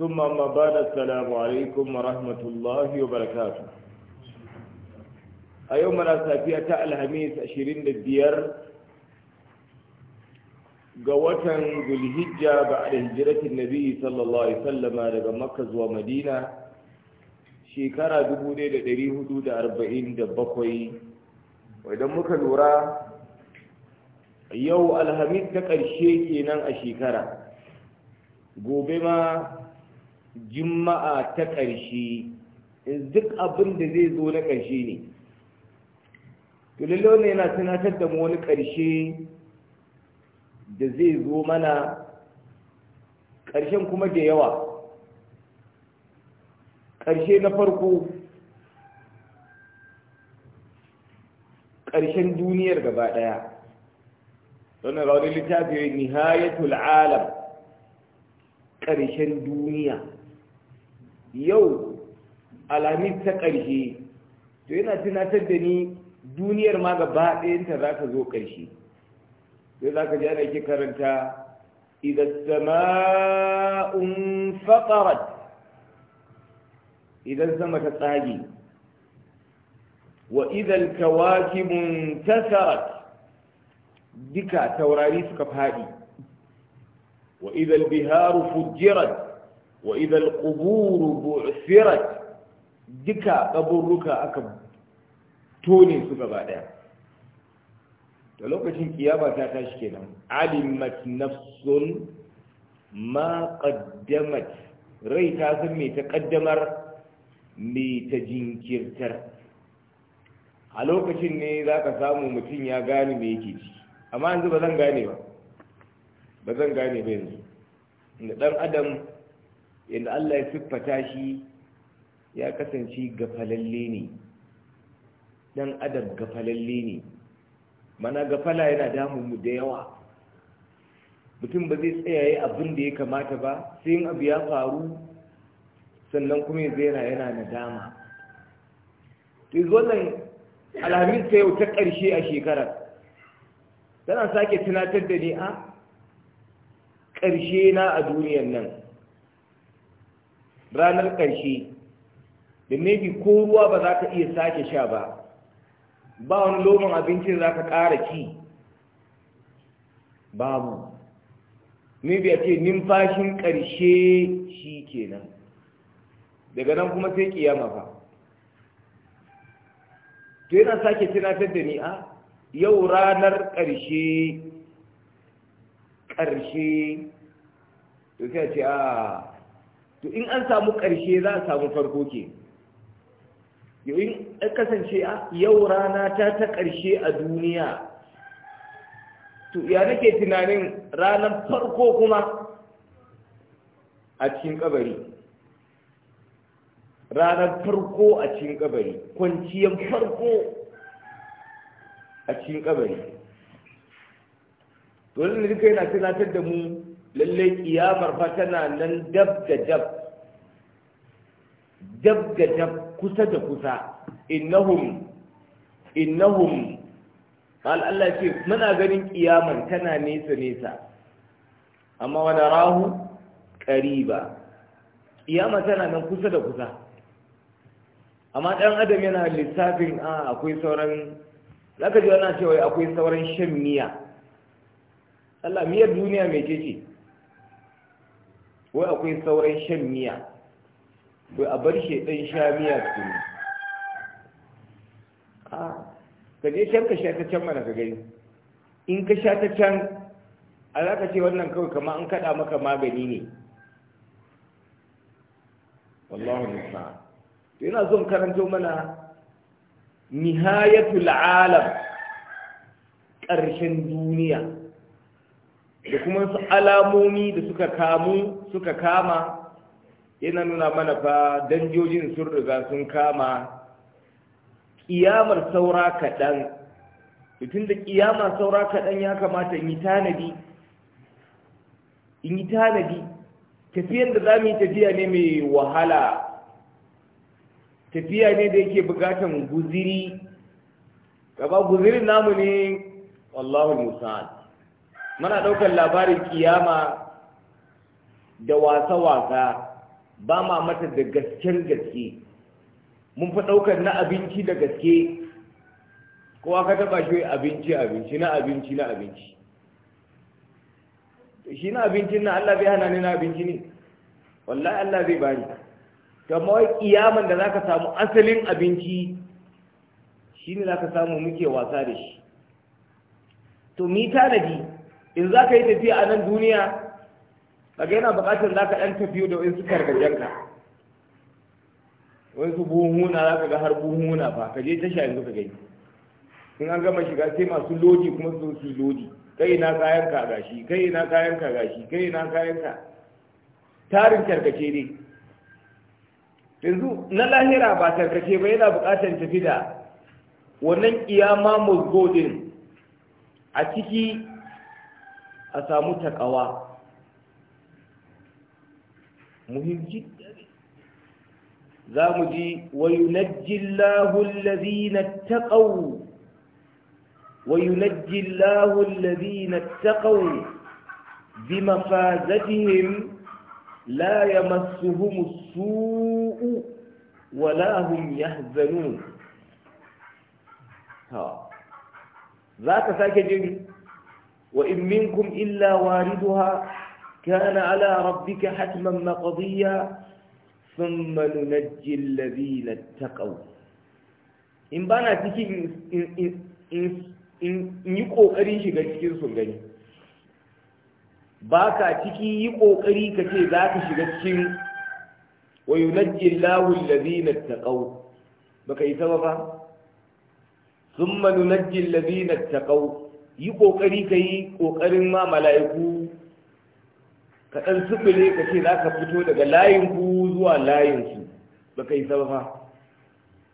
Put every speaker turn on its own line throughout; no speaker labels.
ثم ما بعد السلام عليكم a الله a yau muna safiya ta alhamis biyar ga watan zulhijja ba a da hijiratin nabi sallallahu alaihi sallama daga makka zuwa madina shekara 1447 idan muka lura yau alhamis ta ƙarshe kenan a shekara gobe ma juma'a ta ƙarshe duk abin da zai zo na ƙarshe ne to lalle yana tunatar da mu wani ƙarshe da zai zo mana ƙarshen kuma da yawa ƙarshe na farko ƙarshen duniyar gaba ɗaya don ga wani littafi nihayatul alam ƙarshen duniya yau alhamis ta ƙarshe to yana tunatar da ni duniyar ma gaba ɗayanta za ka zo ƙarshe sai za ka ji ana ke karanta idan sama'un fatarat idan sama ta tsage wa idan kawakibun tasarat duka taurari suka faɗi wa idan biharu fujirat wa idal quburu bu'thirat duka kaburruka aka tone su gaba daya da lokacin kiyama ta tashi kenan alimat nafsun ma qaddamat rai ta san me ta kaddamar me ta jinkirtar a lokacin ne zaka samu mutum ya gane me yake ci amma yanzu ba zan gane ba gane ba yanzu da dan adam yadda Allah ya siffata shi ya kasance gafalalle ne dan adam gafalalle ne mana gafala yana damun mu da yawa mutum ba zai tsayaye abin da ya kamata ba sai yin abu ya faru sannan kuma ya zera yana nadama to wannan alhamis ta yau ta ƙarshe a shekarar tana sake tunatar da ni a ah, ƙarshe na a duniyar nan ranar ƙarshe da maybe ko ruwa ba za ka iya sake sha ba ba wani loman abincin za ka ƙara ci babu maybe a ce numfashin ƙarshe shi kenan daga nan kuma sai kiyama fa to yana sake tunatar da ni a ah, yau ranar ƙarshe ƙarshe to sai a ce a ah, to in an samu ƙarshe za a samu farko ke yau in kasance yau rana ta ta ƙarshe a duniya to ya nake tunanin ranar farko kuma a cikin ƙabari? ranar farko a cikin ƙabari, kwanciyar farko a cikin ƙabari. to da duka yana tunatar da mu lallai kiyamar fa tana nan dab da dab dab da dab kusa da kusa innahum innahum qal Allah ce muna ganin kiyaman tana nesa nesa amma wa narahu qariba kiyama tana nan kusa da kusa amma dan adam yana lissafin a ah, akwai sauran zaka ji ce wai akwai sauran shan miya Allah miyar duniya mai ce ce wai akwai sauran shan miya to a bar shi ɗan sha miya ne a ka can ka sha ta can mana ka gani in ka sha ta can a za ka ce wannan kawai kama an kaɗa maka magani ne wallahu musa to yana son karanto mana nihayatul alam ƙarshen duniya da kuma su alamomi da suka kamu suka kama yana nuna mana fa danjojin sun riga sun kama ƙiyamar saura kaɗan tun da kiyama saura kaɗan ya kamata in yi tanadi in yi tanadi tafiyar da za mu yi tafiya ne mai wahala tafiya ne da yake bukatan guziri gaba guzirin namu ne wallahu musa'ad muna ɗaukar labarin kiyama da wasa-wasa ba ma mata da gasken gaske mun fi ɗaukar na abinci da gaske kowa ka taɓa shi abinci abinci na abinci na abinci shi na abincin na Allah bai hana ni na abinci ne wallahi Allah zai bani to amma wai kiyaman da zaka samu asalin abinci shine zaka samu muke wasa da shi to mi tanadi in zaka yi tafiya a nan duniya kaga yana buƙatar za ka ɗan tafiyo da wani su karkajenka wani su buhuna za ka ga har buhuna fa ka je tasha yanzu ka gani in an gama shiga sai masu lodi kuma su su lodi kai na kayan ka gashi kai na kayan ka gashi kai na kayan ka tarin tarkace ne yanzu na lahira ba tarkace ba yana buƙatar tafi da wannan kiyama musgodin a ciki a samu takawa مهم جدا زامجي وينجي الله الذين اتقوا وينجي الله الذين اتقوا بمفازتهم لا يمسهم السوء ولا هم يهزنون ها ذاك ساكت وإن منكم إلا واردها كان على ربك حتما مقضيا ثم ننجي الذين اتقوا in ba na cikin in yi ƙoƙarin shiga cikin sun gani ba ka ciki yi ƙoƙari ka ce za ka shiga cikin wayo najjin lahun lazina ta ƙau ba ka yi sama ba sun manu najjin lazina ta ƙau yi ƙoƙari ka yi ƙoƙarin ma mala'iku ka ɗan ka ce za ka fito daga layin ku zuwa layin su ba kai sabafa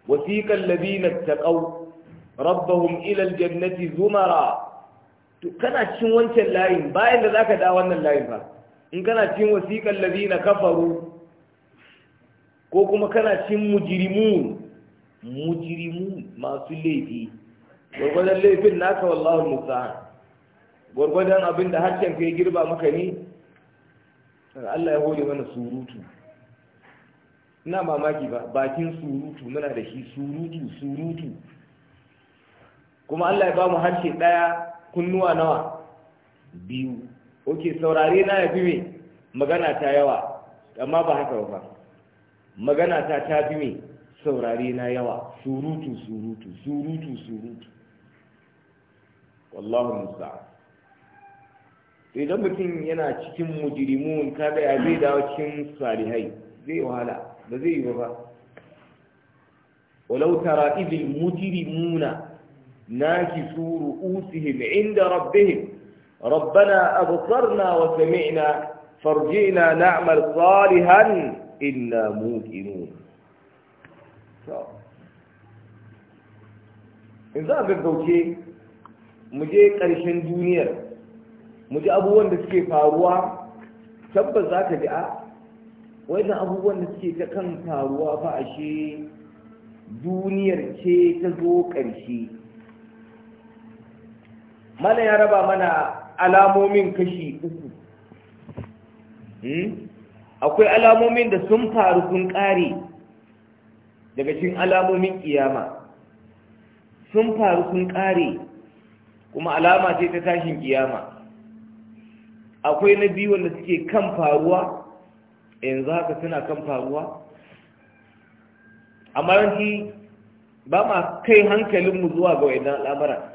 wasiƙan labina ta ƙau rabbahun ilal jannati zumara to kana cin wancan layin bayan da za ka da wannan layin fa in kana cin wasiƙan labina kafaru ko kuma kana cin mujirimu mujirimu masu laifi gwargwadon laifin naka wallahu musa gwargwadon abin da harshen ka girba maka ne Allah ya goge mana surutu ina mamaki ba bakin surutu muna da shi surutu surutu kuma Allah ya ba mu harshe daya kunnuwa nawa biyu oke saurare na ya fi me magana ta yawa amma ba haka ba magana ta ta fi saurare na yawa surutu surutu surutu surutu wallahu musta'an idan mutum yana cikin mujrimun kaga ya zai dawo cikin salihai zai wahala ba zai yi ba ba walau tara idil mujrimuna ناكسوا رؤوسهم عند ربهم ربنا أبصرنا وسمعنا فارجعنا نعمل صالحا إنا موقنون in za a gaggauce mu je ƙarshen duniyar mu ji abubuwan da suke faruwa tabbas za ka ji a wannan abubuwan da suke ta kan faruwa fa ashe duniyar ce ta zo ƙarshe mana ya raba mana alamomin kashi uku hmm? akwai alamomin da sun faru sun ƙare daga cikin alamomin ƙiyama sun faru sun ƙare kuma alama ce ta tashin ƙiyama akwai na biyu wanda suke kan faruwa yanzu eh, haka suna kan faruwa amma yanki ba ma kai hankalinmu zuwa ga wadannan al'amura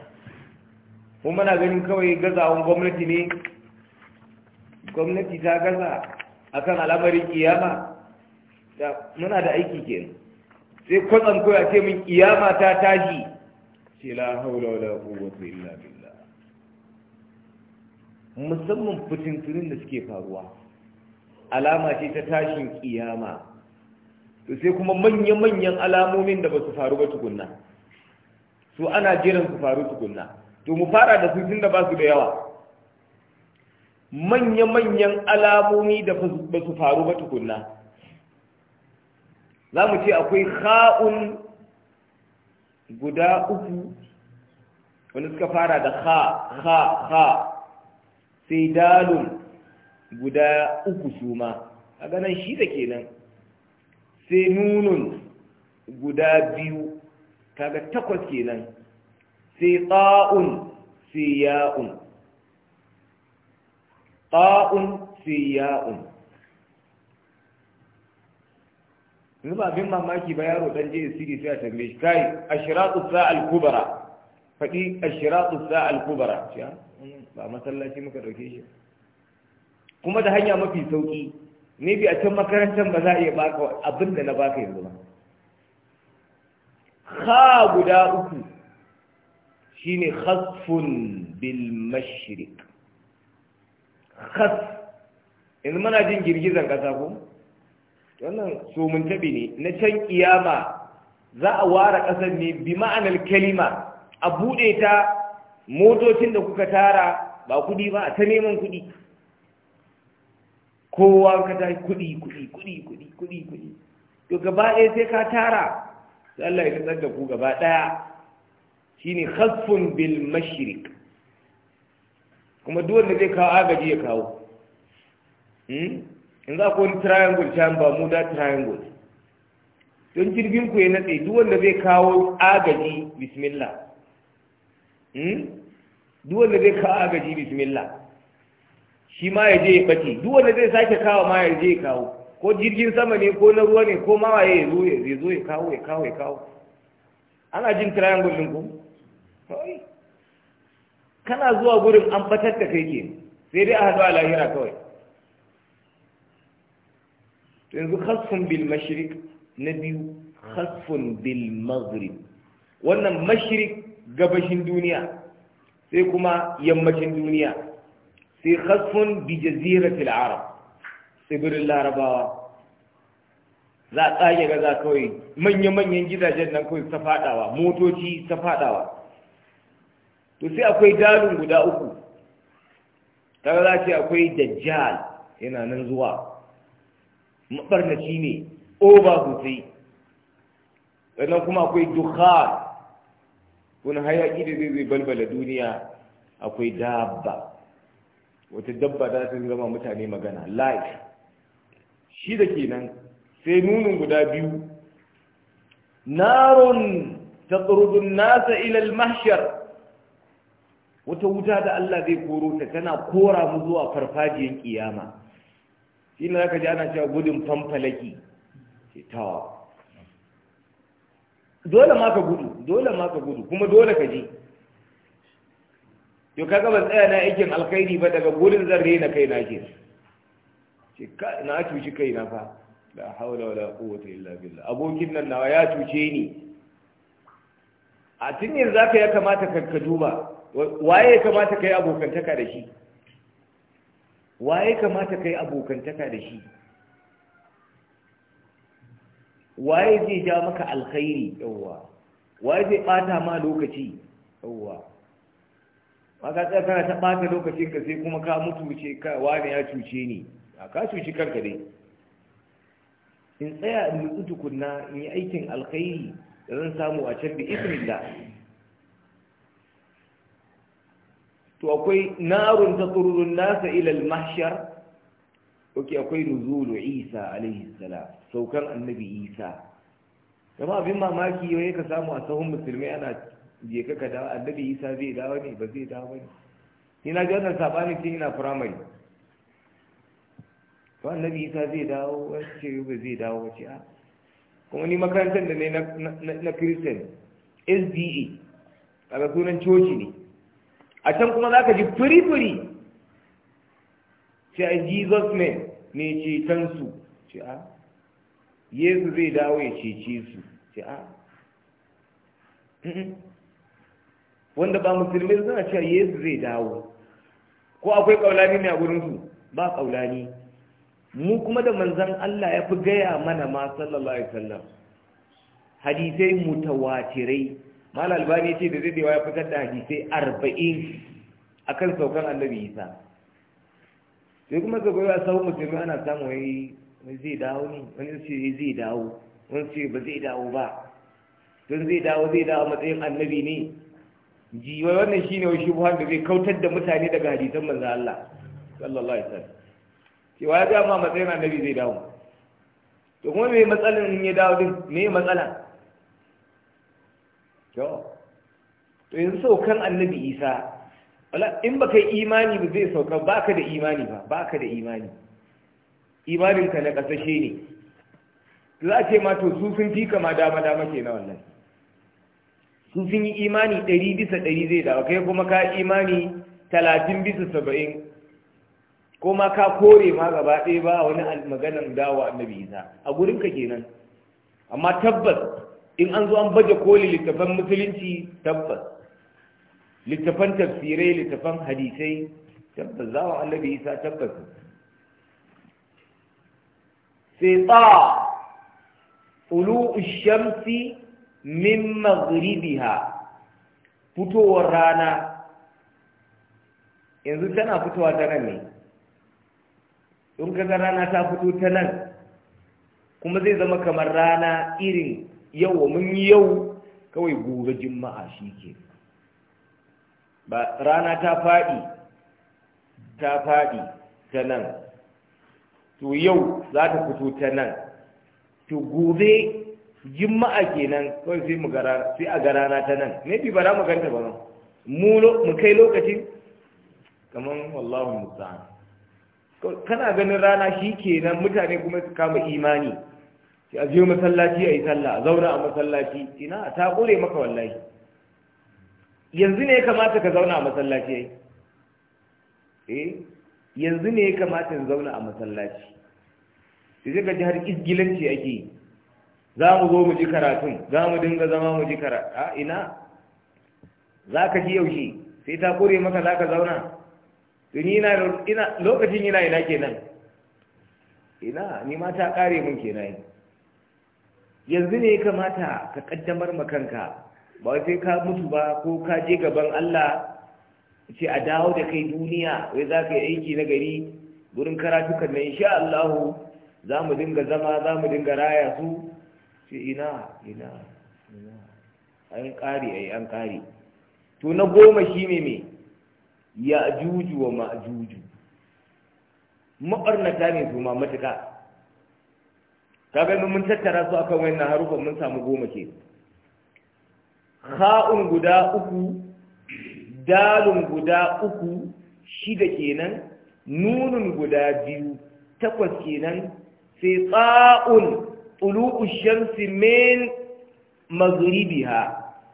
kuma mana ganin kawai gazawan gwamnati ne gwamnati ta gaza akan al'amarin kiyama muna da aiki kenan sai kwatsan kawai a ce min kiyama ta tashi ce la haula la quwwata illa billah musamman fitinturin da suke faruwa alama ce ta tashin kiyama to sai kuma manya-manyan alamomin da ba su faru ba tukunna su ana jiran su faru tukunna to mu fara da su tun da ba su da yawa manya-manyan alamomi da ba su faru ba tukunna za mu ce akwai kha'un guda uku wani suka fara da kha kha kha sai dalun guda uku suma a ganin shi da kenan sai nunun guda biyu kaga takwas kenan sai tsa'un sai ya'un tsa'un sai ya'un yanzu ba abin mamaki ba yaro dan je siri sai a tambaye shi kai ashiratu sa'al kubra faɗi ashiratu sa'al kubra ciya ba masallaci muka ɗauke shi kuma da hanya mafi sauki ne bi a can makarantar ba za a iya baka abin da na baka yanzu ba ha guda uku shi ne khasfun bil mashirik khas yanzu muna jin girgizar ƙasa ko wannan mun tabi ne na can kiyama za a ware ƙasar ne bi ma'anar kalima a buɗe ta motocin da kuka tara ba kuɗi ba a ta neman kuɗi kowa ka ta kuɗi kuɗi kuɗi kuɗi kuɗi kuɗi to gaba ɗaya sai ka tara sai Allah ya tsar da ku gaba ɗaya shine khasfun bil mashirik. kuma duk wanda zai kawo agaji ya kawo hmm? in za ku wani triangle can ba mu da triangle don jirgin ku ya natse duk wanda zai kawo agaji bismillah Hmm? duk wanda zai kawo agaji bismillah shi ma ya je ya bace duk wanda zai sake kawo ma ya je ya kawo ko jirgin sama ne ko na ruwa ne ko mawaye ya zo ya zo ya kawo ya kawo ya kawo ana jin triangle din ku kana zuwa gurin an batar da kai ke sai dai a haɗu a lahira kawai yanzu khasfun bil mashrik na biyu khasfun bil maghrib wannan mashrik gabashin duniya sai kuma yammacin duniya sai khasfun bi jaziratil arab tsibirin larabawa za a tsage gaza kawai manya-manyan gidajen nan kawai ta fadawa motoci ta fadawa to sai akwai dalin guda uku ta za ce akwai dajjal yana nan zuwa mabarnaci ne oba sosai sannan kuma akwai dukhar wani hayaki da zai balbala duniya akwai dabba wata dabba za ta zama mutane magana life shi da ke nan. sai nunin guda biyu narun tsarudun nasa ilal mashar wata wuta da Allah zai koro ta tana kora mu zuwa farfajiyar kiyama shi ne zaka ji ana cewa gudun fanfalaki ke tawa dole ma ka gudu dole ma ka gudu kuma dole ka je yau kaga ban tsaya na aikin alkhairi ba daga gudun zan rena kai na ke na cuci kai na fa la haula wala quwwata illa billah abokin nan nawa ya cuce ni a tun yanzu zaka ya kamata ka ka duba waye kamata kai abokantaka da shi waye kamata kai abokantaka da shi waye zai ja maka alkhairi yawwa waye zai bata ma lokaci yawwa maka tsaya kana ta bata lokacin ka sai kuma ka mutu ce ka wani ya cuce ni a ka cuci kanka dai in tsaya in nutsu tukunna in yi aikin alkhairi da zan samu a can da ismilla to akwai narun ta nasa ilal mahshar oke akwai nuzulu isa alaihi salam saukan annabi isa kuma abin mamaki yau ka samu a sahun musulmi ana je ka da, dawo annabi isa zai dawo ne ba zai dawo ne Ina ji wannan sabani tun ina firamare to annabi isa zai dawo wace ba zai dawo wace a ah. kuma ni makarantar da ne na christian sda a sunan coci ne a can kuma za ka ji firifiri. ce a jesus ne ne su ce a ah. yesu zai dawo ya ce su ce a wanda ba musulmi suna cewa yesu zai dawo ko akwai kaulani ne a gurinsu ba kaulani mu kuma da manzan Allah ya fi gaya mana ma sallallahu alaihi wasallam hadisai mutawatirai mal albani ce da dadewa ya fitar da hadisai arba'in a kan saukan annabi isa sai kuma ga goyi musulmi ana samun wani zai dawo ne wani eh, zai dawo wani ce ba zai dawo ba don zai dawo zai dawo matsayin annabi ne jiwa wannan shine wani shubuhan da zai kautar da mutane daga hadisan manzo Allah sallallahu alaihi wasallam cewa ya ga ma matsayin annabi zai dawo to kuma me matsalin in ya dawo din me matsala to to yanzu saukan annabi Isa wala in baka yi imani ba zai sauka baka da imani ba baka da imani ka na kasashe ne za a ce ma to su sun fi kama dama dama ke na wannan su sun yi imani ɗari bisa ɗari zai dawo kai kuma ka imani talatin bisa saba'in ko ma ka kore ma gaba ɗaya ba wani maganan dawo annabi isa a gurin ka kenan amma tabbas in an zo an baje koli littafan musulunci tabbas littafan tafsirai littafan hadisai tabbas zawon annabi isa tabbas sai tsawa ulu shamsi min maghribiha fitowar rana yanzu tana fitowa ta nan ne in kaga rana ta fito ta nan kuma zai zama kamar rana irin yau mun yi yau kawai gobe juma'a shi ke ba rana ta faɗi ta faɗi ta nan to yau za ta fito ta nan to gobe juma'a kenan kawai sai mu gara sai a na ta nan ne ba bara mu ganta ba mu mu kai lokacin kaman wallahu musta'an kana ganin rana shi kenan mutane kuma su kama imani sai a biyo masallaci a yi sallah a zauna a masallaci ina ta kure maka wallahi yanzu ne ya kamata ka zauna a masallaci eh yanzu ne ya kamata ka zauna a masallaci sai sai ji har isgilanci ake yi za mu zo mu ji karatun za mu dinga zama mu ji karatu a ina za ka ji yaushe sai ta kore maka za ka zauna tuni ina lokacin ina ina kenan ina ni ma ta kare mun kenan yanzu ne kamata ka kaddamar makanka ba sai ka mutu ba ko ka je gaban Allah ce a dawo da kai duniya wai za ka yi aiki na gari gurin karatukan na insha Allahu za mu dinga zama za mu dinga raya su shi ina ina ina an ƙari ai an ƙari to na goma shi ne me ya juju wa ma juju maɓarnata ne su ma matuƙa kaga mun tattara su akan wannan harufan mun samu goma ke ha'un guda uku dalun guda uku shida kenan nunun guda biyu takwas kenan sitsa'un tulu'u shamsi min maghribiha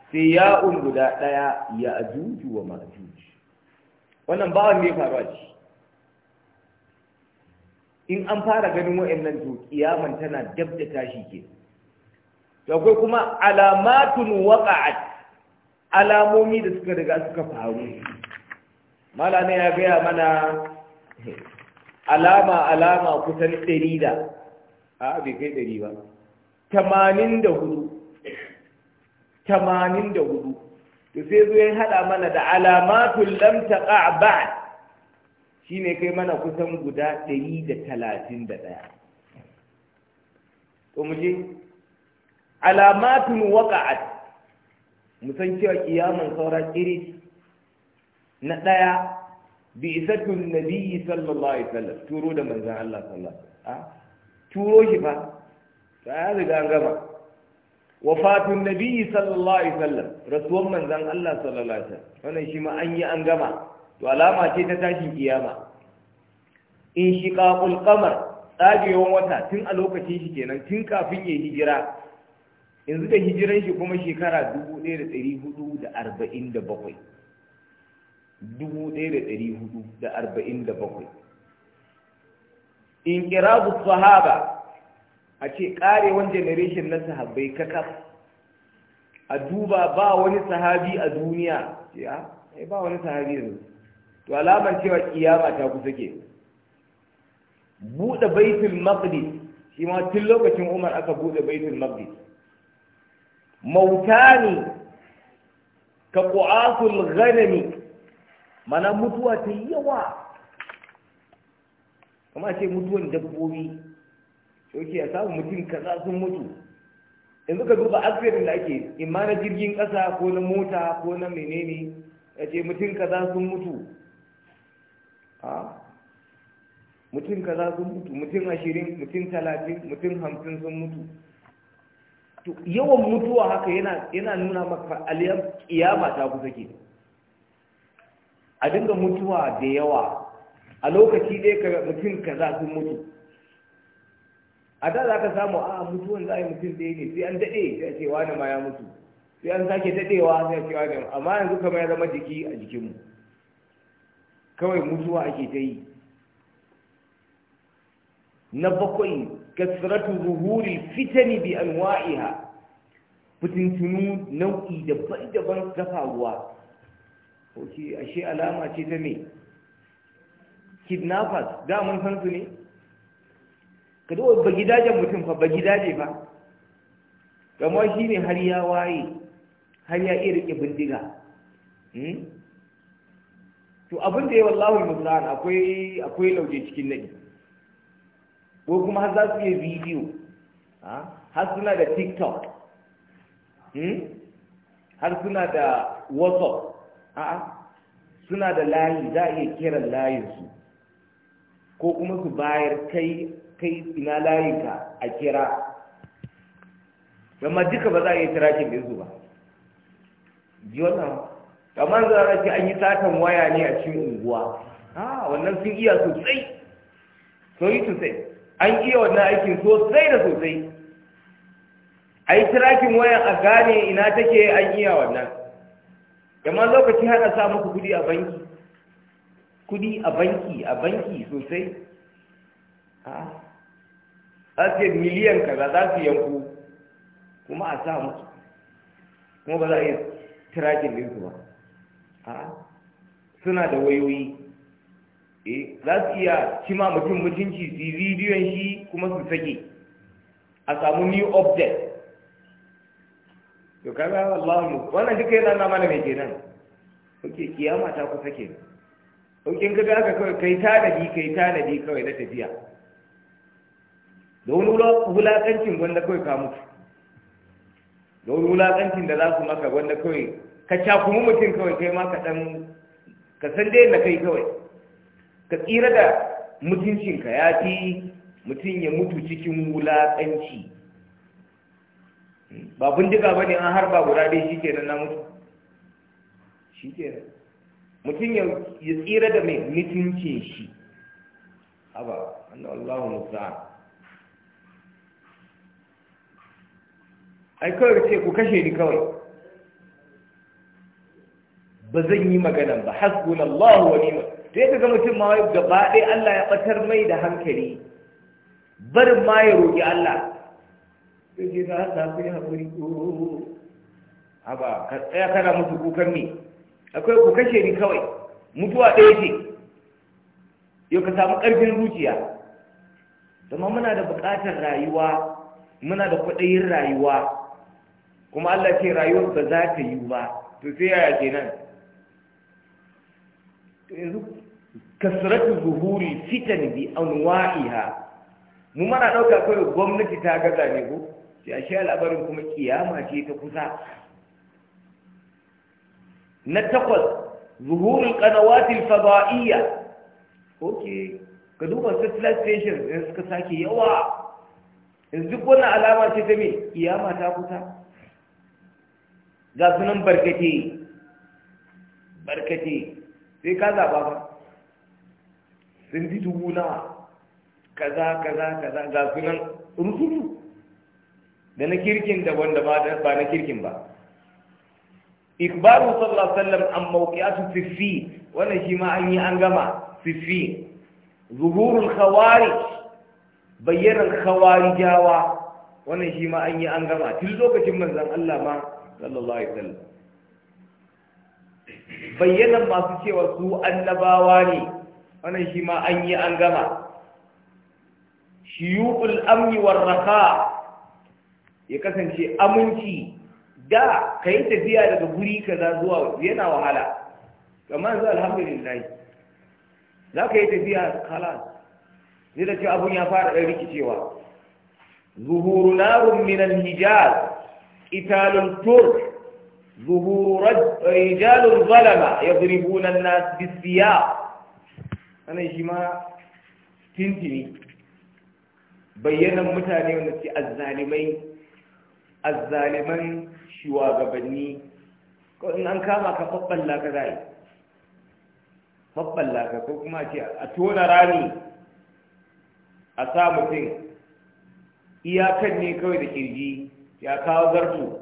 sai ya'un guda daya ya ajuju wa majuj wannan ba wani faruwa ce. in an fara ganin wa'annan to kiyaman tana dab da tashi ke to akwai kuma alamatun waqa'at alamomi da suka riga suka faru malama ya gaya mana alama alama kusan ɗari da a bai kai ɗari ba tamanin da hudu tamanin da hudu to sai zo ya haɗa mana da alamatul a ba shi ne kai mana kusan guda ɗari da talatin da ɗaya to mu je alamatun waqa'at mu san cewa kiyamun saura kiri na ɗaya bi isatun nabiyyi sallallahu alaihi wasallam turo da manzon Allah sallallahu alaihi ah, turo shi fa ta riga an gama wafatun nabiyyi sallallahu alaihi wasallam rasuwar manzon Allah sallallahu alaihi wasallam wannan shi ma an yi an gama to alama ce ta tashin kiyama in shiqaqul qamar tsagewan wata tun a lokacin shi kenan tun kafin ya hijira yanzu da hijiran shi kuma shekara 1447 1447 in kirazu sahaba a ce karewan generation na sahabbai kakaf a duba ba wani sahabi a duniya ya ah, ba wani sahabi yanzu to alamar cewa kiyama ta kusa ke buɗe baitul maqdis shi ma tun lokacin umar aka buɗe baitul maqdis mautani ka ƙu'atul ghanami mana mutuwa ta yawa kama ce mutuwan dabbobi shoke ya samu mutum kaza sun mutu yanzu ka duba asirin da ake imma na jirgin ƙasa ko na mota ko na menene ya ce mutum kaza sun mutu mutum kaza sun mutu mutum ashirin mutum talatin mutum hamsin sun mutu yawan mutuwa haka yana nuna maka aliyar kiyama ta kusa ke a dinga mutuwa da yawa a lokaci dai ka mutum za su mutu a da za ka samu a ah, mutuwan za a yi mutum ɗaya ne sai an daɗe sai a ce wani ma ya mutu sai an sake daɗewa sai a ce wani amma yanzu kamar ya zama jiki a jikinmu kawai mutuwa ake ta yi na bakwai kasratu zuhuri fitani bi anwa'iha fitintunu nau'i daban-daban ta faruwa Ko ce ashe alama ce ta me kidnappers da mun san su ne ka zo ba gidajen mutum fa ba gidaje ba kamar shi ne har ya waye har ya iya rike bindiga hmm? to abin da ya wallahu musa'an akwai akwai lauje cikin nadi ko kuma har za su iya bidiyo har suna da tiktok hmm? har suna da whatsapp a'a suna da layi za a iya kiran layinsu ko kuma su bayar kai kai ina layinka a kira amma duka ba za a iya tirakin ɗinsu ba ji wannan kamar za a ce an yi satan waya ne a cikin unguwa a ah, wannan sun iya sosai soyi sosai an iya wannan aikin sosai da sosai a yi tirakin waya a gane ina take an iya wannan da ma lokaci hana sa muku kudi a banki kudi a banki a banki sosai a ce miliyan kaza za su yanku kuma a sa musu kuma ba za a yi tirakin su ba a suna da wayoyi e, za su iya cima mutum mutunci su yi bidiyon shi kuma su sake a samu new object to kaga mu wannan duka yana mana ne kenan kuke kiyama ta kusa ko kin ka aka kai kai tanadi kai tanadi kawai na tafiya da wani hulakancin gwanda kawai ka mutu da wani da za su maka gwanda kawai ka cakumi mutum kawai kai ma ka dan ka san dai da kai kawai ka tsira da mutuncinka ya fi mutum ya mutu cikin hulakanci ba bindiga ba ne an harba guda dai shi kenan na mutu shi kenan mutum ya tsira da mai mutunci shi haba annan allahu musa ai kawai ce ku kashe ni kawai ba zan yi magana ba hasbun allahu wa ni'mal to yadda ga mutum ma gaba ɗaya allah ya ɓatar mai da hankali barin ma ya roƙi allah sai je ga Allah ku yi haƙuri ko haba ka tsaya kana mutu kukan me akwai ku kashe ni kawai mutuwa ɗaya ce yau ka samu ƙarfin zuciya zama muna da buƙatar rayuwa muna da kwaɗayin rayuwa kuma Allah ce rayuwar ba za ta yi ba to sai yaya kenan yanzu kasratu zuhuri fitan bi anwa'iha mu mana ɗauka kawai gwamnati ta gaza ne ko sai a sha labarin kuma kiyama ce ta kusa na takwas zuhurin kanawatin fada'iyya ok ka duba satellite Station ya suka sake yawa in duk wannan alama ce ta me kiyama ta kusa ga sunan barkate barkate sai ka zaba ba sun fi dubu na kaza kaza kaza ga sunan rusutu da na kirkin da wanda ba na kirkin ba ikbaru sallallahu alaihi an mawqi'atu siffi wannan shi ma an yi an gama siffi zuhurul khawarij bayyanan khawarijawa wannan shi ma an yi an gama tun lokacin manzon Allah ma sallallahu alaihi wasallam bayyanan masu cewa su annabawa ne wannan shi ma an yi an gama shiyuqul amni war raqa ya kasance aminci da ka yi tafiya daga guri kaza zuwa yana wahala Kamar zuwa alhamdulillah za ka yi tafiya kala ne da ce abun ya fara ɗan rikicewa zuhuru narun minan hijaz italin turk zuhuru rijalun zalama ya zuribunan na bisiya ana shi ma tintini bayyanan mutane wanda ke azzalimai azzaliman shugabanni ko in an kama ka fabballa ka zai fabballa ka ko kuma ce a tona rami a sa mutum iyakan ne kawai da kirji ya kawo zarto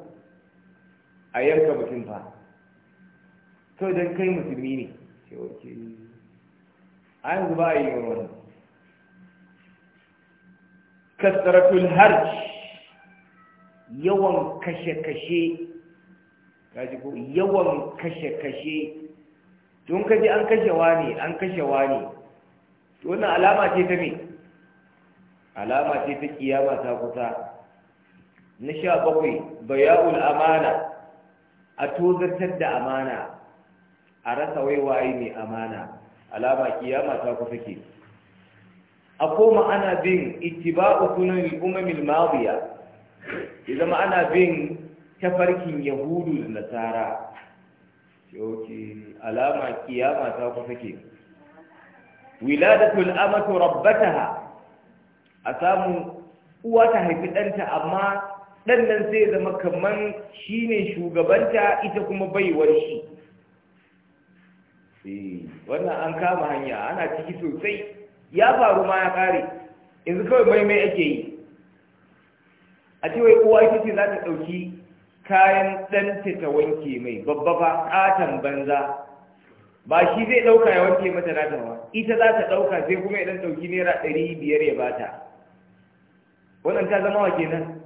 a yanka mutum fa kawai don kai musulmi ne ce wake a yanzu ba a yi wannan harj yawan kashe-kashe kaji ko yawan kashe-kashe tun kaji an kashe ne. an kashe ne to wannan alama ce ta me alama ce ta kiyama ta kusa na sha bakwai baya'ul amana a tozartar da amana a rasa waiwaye mai amana alama kiyama ta kusa ke a koma ana bin itiba'u sunan al-umamil madiya ya zama ana bin tafarkin yahudu da nasara yauki alama kiyama ta kusa ke wiladatul amatu rabbataha a samu uwa ta haifi ɗanta amma ɗan nan sai zama kamar shi ne shugabanta ita kuma baiwar shi eh, wannan an kama hanya ana ciki sosai ya faru ma ya ƙare yanzu kawai maimai ake yi a ce wai uwa ita ce za ta ɗauki kayan ɗanta ta wanke mai babba ba ƙaton banza ba shi zai ɗauka ya wanke mata na ta ita za ta ɗauka sai kuma idan ɗauki naira ɗari biyar ya ba ta. wannan ta zama wa kenan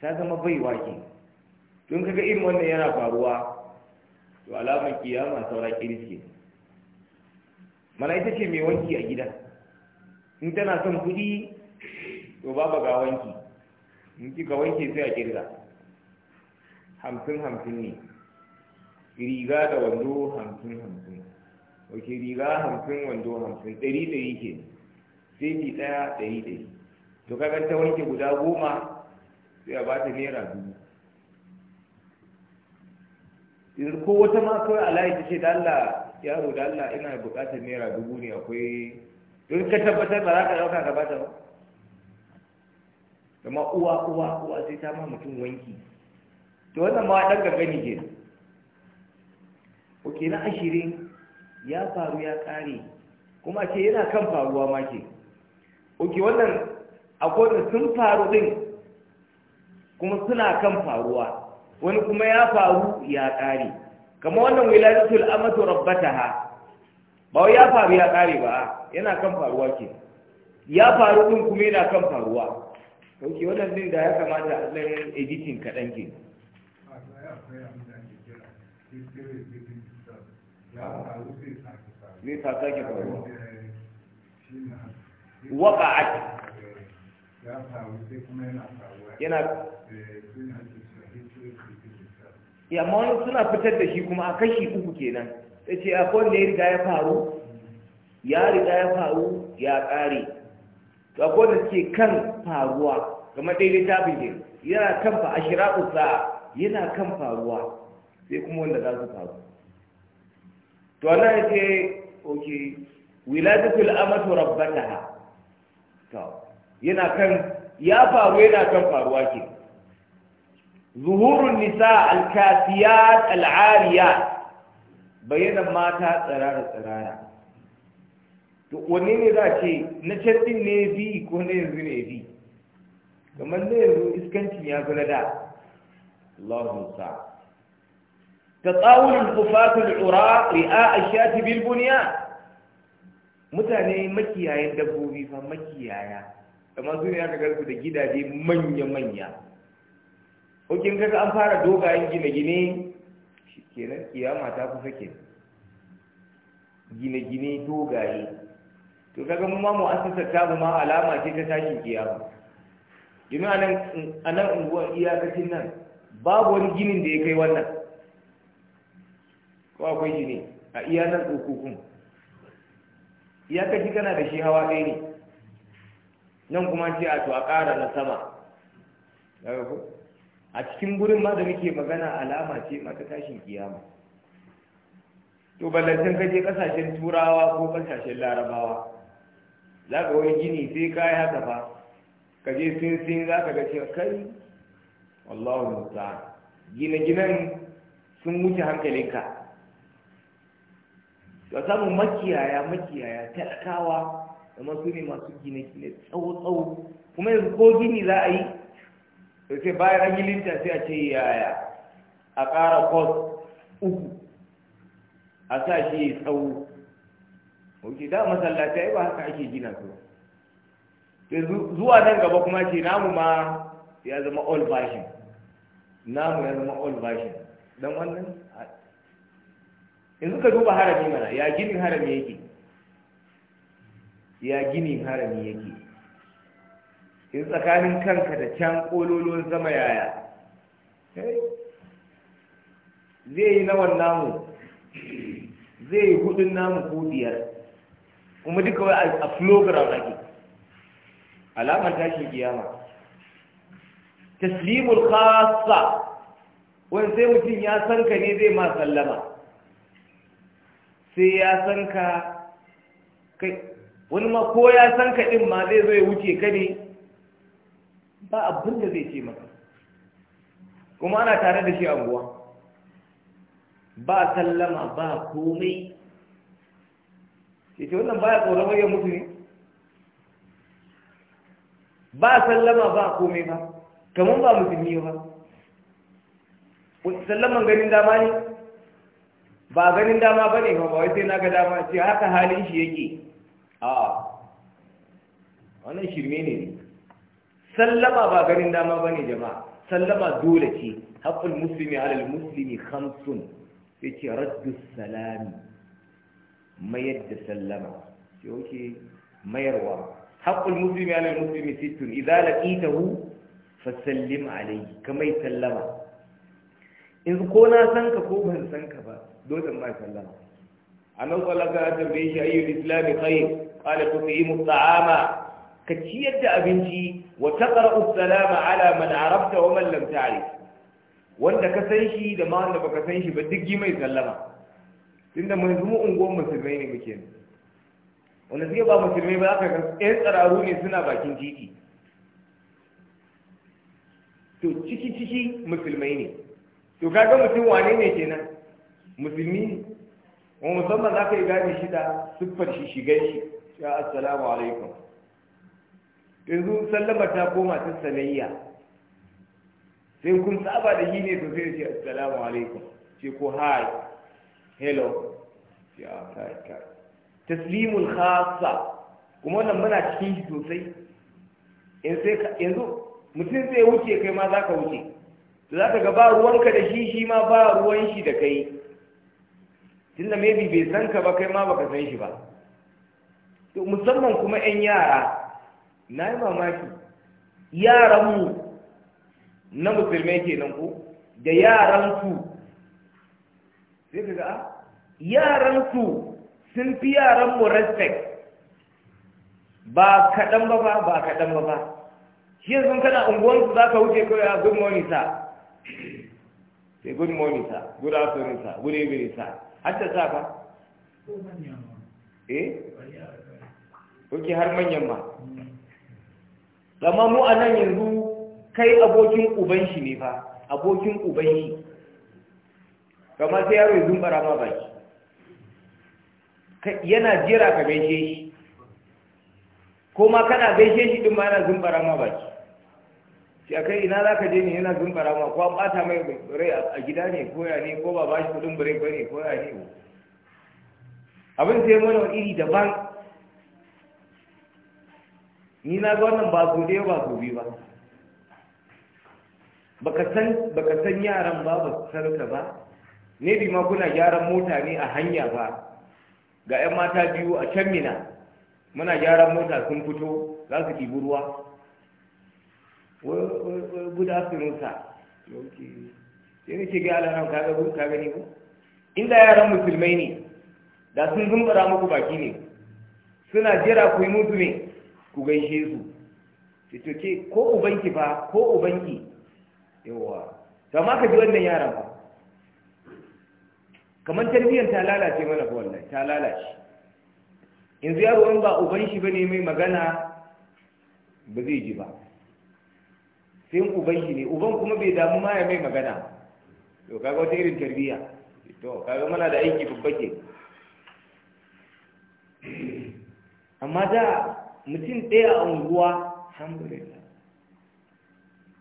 ta zama baiwa ke tun kaga irin wannan yana faruwa to alamar kiyama saura kirki mana ita ce mai wanki a gidan in tana son kuɗi to babu ga wanki ki ka wanke sai a kirga hamsin hamsin ne riga da wando hamsin hamsin ok riga hamsin wando hamsin ɗari ɗari ke sai ɗaya ɗari ɗari to kaga ta wanke guda goma sai a ba ta naira dubu yanzu ko wata ma kawai a layi ta ce da Allah yaro da Allah ina buƙatar naira dubu ne akwai don ka tabbatar ba za ka ɗauka ka bata ba Kama uwa uwa uwa sai ta ma mutum wanki to wannan ma dan ne kenan Oke na ashirin ya faru ya kare kuma ce yana kan faruwa ma ke oke wannan akwai sun faru din kuma suna kan faruwa wani kuma ya faru ya kare kama wannan wilayatul amatu rabbataha ba ya faru ya kare ba yana kan faruwa ke ya faru din kuma yana kan faruwa sauki waɗannan da ya kamata a ɗan editing kaɗan ke zai ta sake faruwa waka yana ya suna fitar da shi kuma a kashi uku kenan ta ce akwai da ya riga ya faru ya riga ya faru ya ƙare akwai da suke kan faruwa kamar dai littafin ne yana kan fa ashiratu sa'a yana kan faruwa sai kuma wanda za su faru to ana ya ce okay wiladatul amatu rabbataha to yana kan ya faru yana kan faruwa ke zuhurun nisa alkasiyat al'ariyat bayanan mata tsirara tsirara to wanne ne za ce na can ne bi ko ne yanzu ne bi? kamar da yanzu iskancin ya kula da Allahu sa tsura. القفاة العراء رئاء الشاة bilbuniya. mutane makiyayen dabbobi fa makiyaya kamar su ne aka garku da gidaje manya-manya hukin kaka an fara dogayen gine-gine kenan kiyama ta kusa ke gine-gine dogaye to kaga mu ma mu asasa ta ma alama ce ta tashin kiyama domin a nan unguwar iyakacin nan babu wani ginin da ya kai wannan ko akwai jini a iyanar kokokun iyakaci kana da shi hawa ɗaya ne nan kuma ce a to a ƙara na sama a cikin gurin ma da muke magana alama ce mata tashin kiyama to ballantan kaje kasashen turawa ko kasashen larabawa za ka wani gini sai ka yi haka fa ka je sun za ka ga kai wallahu musta gine-ginen sun wuce hankalinka ka samun makiyaya makiyaya talakawa da masu ne masu gine-gine tsawo-tsawo kuma yanzu ko gini za a yi da sai bayan an yi linta sai a ce yaya a ƙara kos uku a sa shi ya tsawo ok da yi ba haka ake gina su zuwa nan gaba kuma ce namu ma ya zama all version namu ya zama all version dan wannan yanzu ka duba harami mana ya ginin harami yake ya ginin harami yake in tsakanin kanka da can kololon zama yaya zai yi nawan namu zai yi hudun namu ko biyar kuma duka wai a flow ground ake alamar tashin kiyama taslimul khassa wani sai mutum ya san ka ne zai ma sallama sai ya san ka kai wani ma ko ya san ka din ma zai zo ya wuce ka ne ba abin da zai ce maka kuma ana tare da shi anguwa ba sallama ba komai ce ce wannan baya tsoron wajen mutu ne ba sallama ba komai ba kamar ba musulmi ba sallaman ganin dama ne ba ganin dama ba ne ba ba sai na ga dama ce haka halin shi yake a wannan shirme ne sallama ba ganin dama ba ne jama'a sallama dole ce haƙƙul musulmi alal musulmi hamsun sai ce raddu salami mayar da sallama sai oke mayarwa حق المسلم على المسلم ست إذا لقيته فسلم عليه كما يسلم إن كنا سنك كوبا سنك با دون ما يسلم أنا صلى الله عليه أي الإسلام خير قال تطعيم الطعام كتشيد أبنتي وتقرأ السلام على من عرفت ومن لم تعرف wanda ka san shi da ma wanda baka san shi ba duk mai sallama tunda mai zumu unguwar musulmai ne muke ne wanda suke ba musulmi ba aka kan yan tsararru ne suna bakin titi to ciki ciki musulmai ne to kaga mutum wane ne kenan musulmi wa musamman za ka yi gane shi da siffar shi shigar shi ya assalamu alaikum yanzu sallama ta koma ta sanayya sai kun saba da shi ne to sai ce assalamu alaikum ce ko hi hello ya kai kai taslimul khassa kuma wannan muna cikin shi sosai in sai yanzu mutum ya wuce kai ma za ka wuce to za ka ga ba ruwanka da shi shi ma ba ruwan shi da kai tunda maybe bai san ka ba kai ma baka san shi ba to musamman kuma 'yan yara na yi mamaki yaranmu na musulmai kenan ko da yaransu sai ka ga ah, yaransu sun fi yaran mu respect ba kaɗan ba ba ba kaɗan ba ba shi yanzu kana unguwansu za ka wuce kawai a good morning sa sai good morning sa good afternoon sa good evening sa har ta sa ba eh ok har manyan ma amma mu a nan yanzu kai abokin uban shi ne fa abokin uban shi kamar sai yaro ya zumbara ma baki yana jira ka gaishe shi ko ma kana gaishe shi din ma yana zumbara ma baki shi kai ina za ka je ne yana zumbara ma ko an bata mai rai a gida ne ko ya ne ko ba ba shi kudin bare ne ko ya ne abin sai mana wani iri daban ni na ga wannan ba su ɗaya ba su bi ba baka san yaran ba ba su sarka ba ne bi ma kuna gyaran mota ne a hanya ba ga 'yan mata biyu a can mina muna gyaran mota sun fito za su ɗibi ruwa good afternoon sir sai ni ce ga alaran ka gani ko inda yaran musulmai ne da sun zumbara muku baki ne suna jira ku yi mutu ne ku gaishe su ce ko ubanki fa ko ubanki yawa ta ma ka ji wannan yaran ba kamar tarbiyyar ta lalace mana ko wallahi ta lalace yanzu yaro in ba uban shi bane mai magana ba zai ji ba sai in uban shi ne uban kuma bai damu ma ya mai magana to kaga wata irin tarbiyya to kaga mana da aiki babba ke amma da mutum ɗaya a unguwa alhamdulillah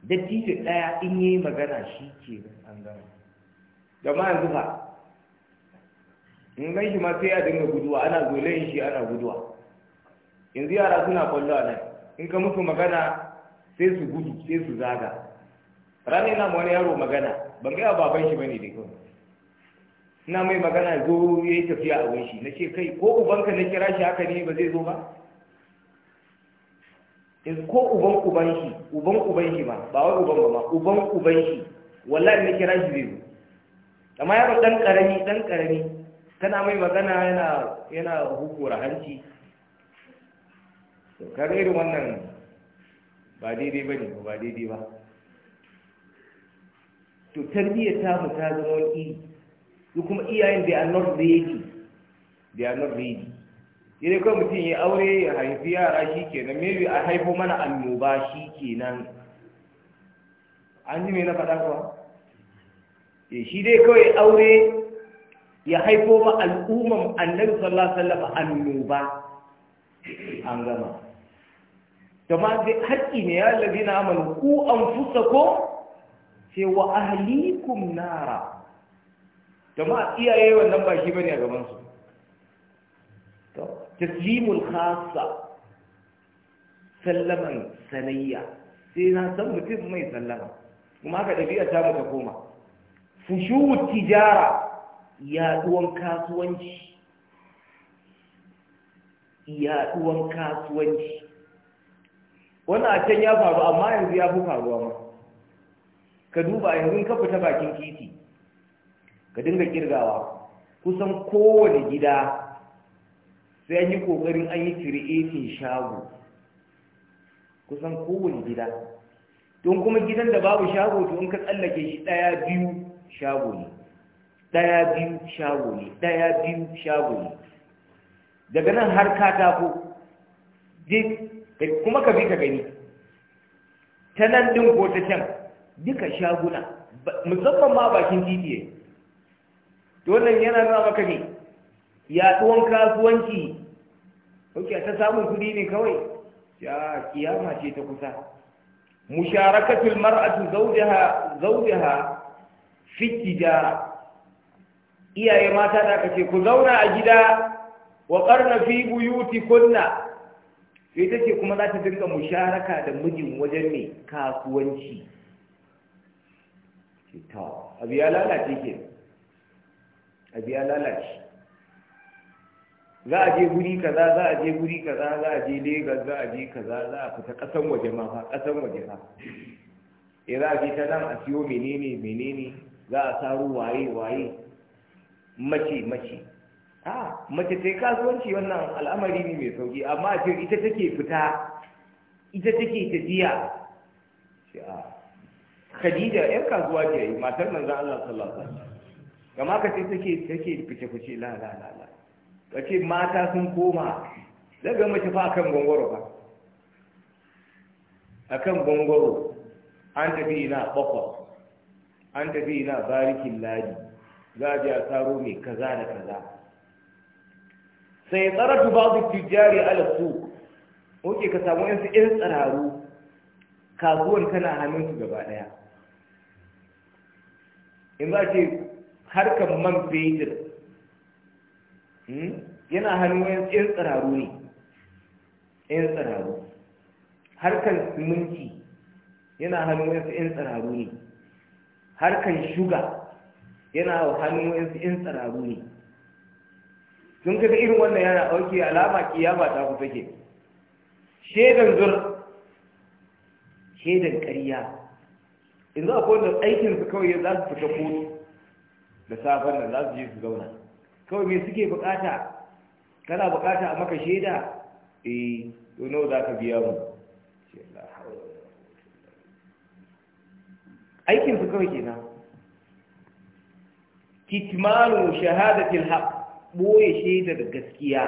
dattijo ɗaya in yi magana shi ke an gama ma yanzu ba in gan shi ma sai ya dinga guduwa ana zolayin shi ana guduwa yanzu yara suna kwallo a nan in ka musu magana sai su gudu sai su zaga rana yana ma wani yaro magana ban gaya baban shi bane da kawai ina mai magana zo ya yi tafiya a wani na ce kai ko ubanka na kira shi haka ne ba zai zo ba ko uban uban shi uban uban shi ba ba wai uban ba ma uban uban shi wallahi na kira shi zai zo amma yaro dan karami dan karami kana mai magana yana yana hukura hanci to kare irin wannan ba daidai ba ne ba daidai ba to tarbiyyar ta mu ta zama wani iri su kuma iyayen da are not ready they are not ready idan kawai mutum ya aure ya haifi yara shi kenan maybe a haifo mana annoba shi kenan an ji mai na faɗa kuwa eh, shi dai kawai aure ya haifo ma al'umman annabi sallallahu alaihi wasallam annoba an gama ma sai haƙi ne ya na amalu ku an ko sai wa ahlikum nara ma iyaye wannan ba shi bane a gaban su to taslimul khassa sallaman sanayya sai na san mutum mai sallama kuma haka ɗabi'a ta mu ta koma fushu tijara yaduwan kasuwanci yaduwan kasuwanci wannan a can ya faru amma yanzu ya fi faruwa ma ka duba yanzu ka fita bakin titi ka dinga kirgawa kusan kowane gida sai an yi kokarin an yi creating shago kusan kowane gida don kuma gidan da babu shago to in ka tsallake shi daya biyu shago ne ɗaya biyu shago ne ɗaya biyu shago ne daga nan har katako eh, kuma ka bi ka gani ta nan ɗin ko ta can duka shaguna musamman ma bakin titi to wannan yana nuna maka ne yaɗuwan kasuwanci ok ta samun kuɗi ne kawai ya kiyama ce ta kusa musharakatul mar'atu zawjaha zawjaha fi tijara iyaye mata da aka ce ku zauna a gida wa karna fi buyuti kunna sai ta ce kuma za ta dinga musharaka da mijin wajen ne kasuwanci ta abu ya lalace ke abu ya lalace za a je guri kaza za a je guri kaza za a je Legas za a je kaza za a fita kasan waje ma fa kasan waje fa eh za a je ta nan a siyo menene menene za a saro waye waye mace mace a ah, mace ta yi kasuwanci wannan al'amari ne mai sauki amma a cikin ita take fita ita take tafiya ah, khadija 'yan kasuwa ke yi matar manzan Allah sallallahu alaihi wasallam ka ce take take fice fice la la la la kace mata sun koma daga mace fa akan gongoro fa akan gongoro an tafi ina bakwa an tafi ina barikin ladi za a je a saro mai kaza da kaza sai tsaratu ba su tijjari ala su oke ka samu yansu in tsararu kasuwar tana hannunsu gaba daya in ba ce harkar man fetur hmm, yana hannun yansu in tsararu ne in tsararu harkar siminti yana hannun yansu in tsararu ne harkar shuga yana hannun su in tsararru ne sun kasa irin wannan yana auki alama kiyama ta ku take shedan zur shedan ƙarya in za a kowanne aikin su kawai za su fita kotu da safen nan za su je su zauna kawai me suke bukata kana bukata a maka shaida eh to nawa za ka biya mu aikin su kawai kenan kitmanu shahadatil haq boye shaidar gaskiya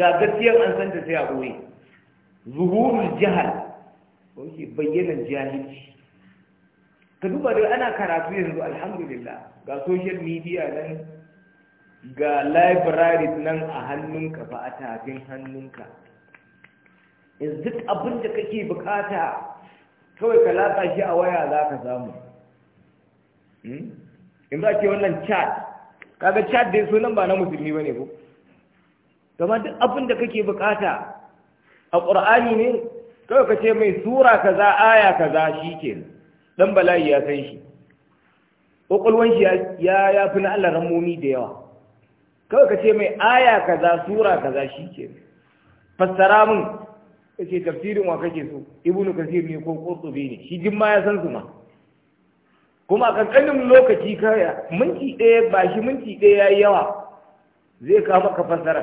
ga gaskiyar an ta sai a boye zuhurul jahal ko shi bayyana jahilci ka duba da ana karatu yanzu alhamdulillah ga social media nan ga library nan a hannunka ba a tafin hannunka yanzu duk abin da kake bukata kawai ka latsa shi a waya za ka samu yanzu a ce wannan chad kaga chad dai sunan ba na musulmi ba ne ko kama duk abin da kake bukata a ƙur'ani ne kawai ka ce mai sura kaza aya kaza shi dan bala'i ya san shi ƙwaƙwalwan shi ya ya fi na Allah ramomi da yawa kawai ka ce mai aya kaza sura kaza shi fassara min kace tafsirin wa kake so ibnu kasir ne ko qurtubi ne shi jin ma ya san su ma kuma a kankanin lokaci kaya minti ɗaya ba shi minti ɗaya ya yi yawa zai kawo maka fassara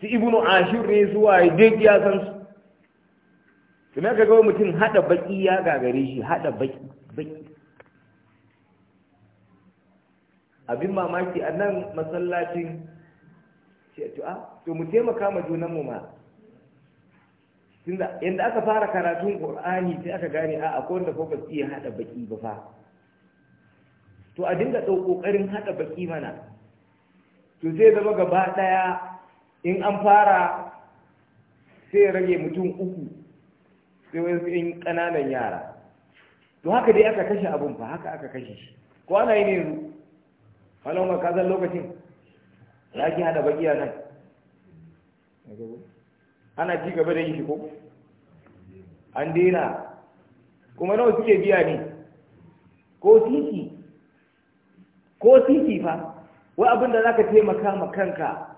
su ibnu ashir ne zuwa duk ya san su kuma ka ga mutum haɗa baki ya gagare shi haɗa baki abin mamaki a nan masallacin ce to a ah, to mu taimaka ma junanmu ma tunda yanda aka fara karatun qur'ani sai aka gane a akwai wanda ko ba su iya hada baki ba fa to a dinga ɗau ƙoƙarin haɗa baki mana to zai zama gaba ɗaya in an fara sai rage mutum uku sai wasu in ƙananan yara to haka dai aka kashe abin fa haka aka kashe shi ko ana yi ne yanzu malon ka zan lokacin za ki haɗa baki a nan ana ci gaba da yin shi ko an dena kuma nawa suke biya ne ko titi ko titi fa wai abin da zaka taimaka ma kanka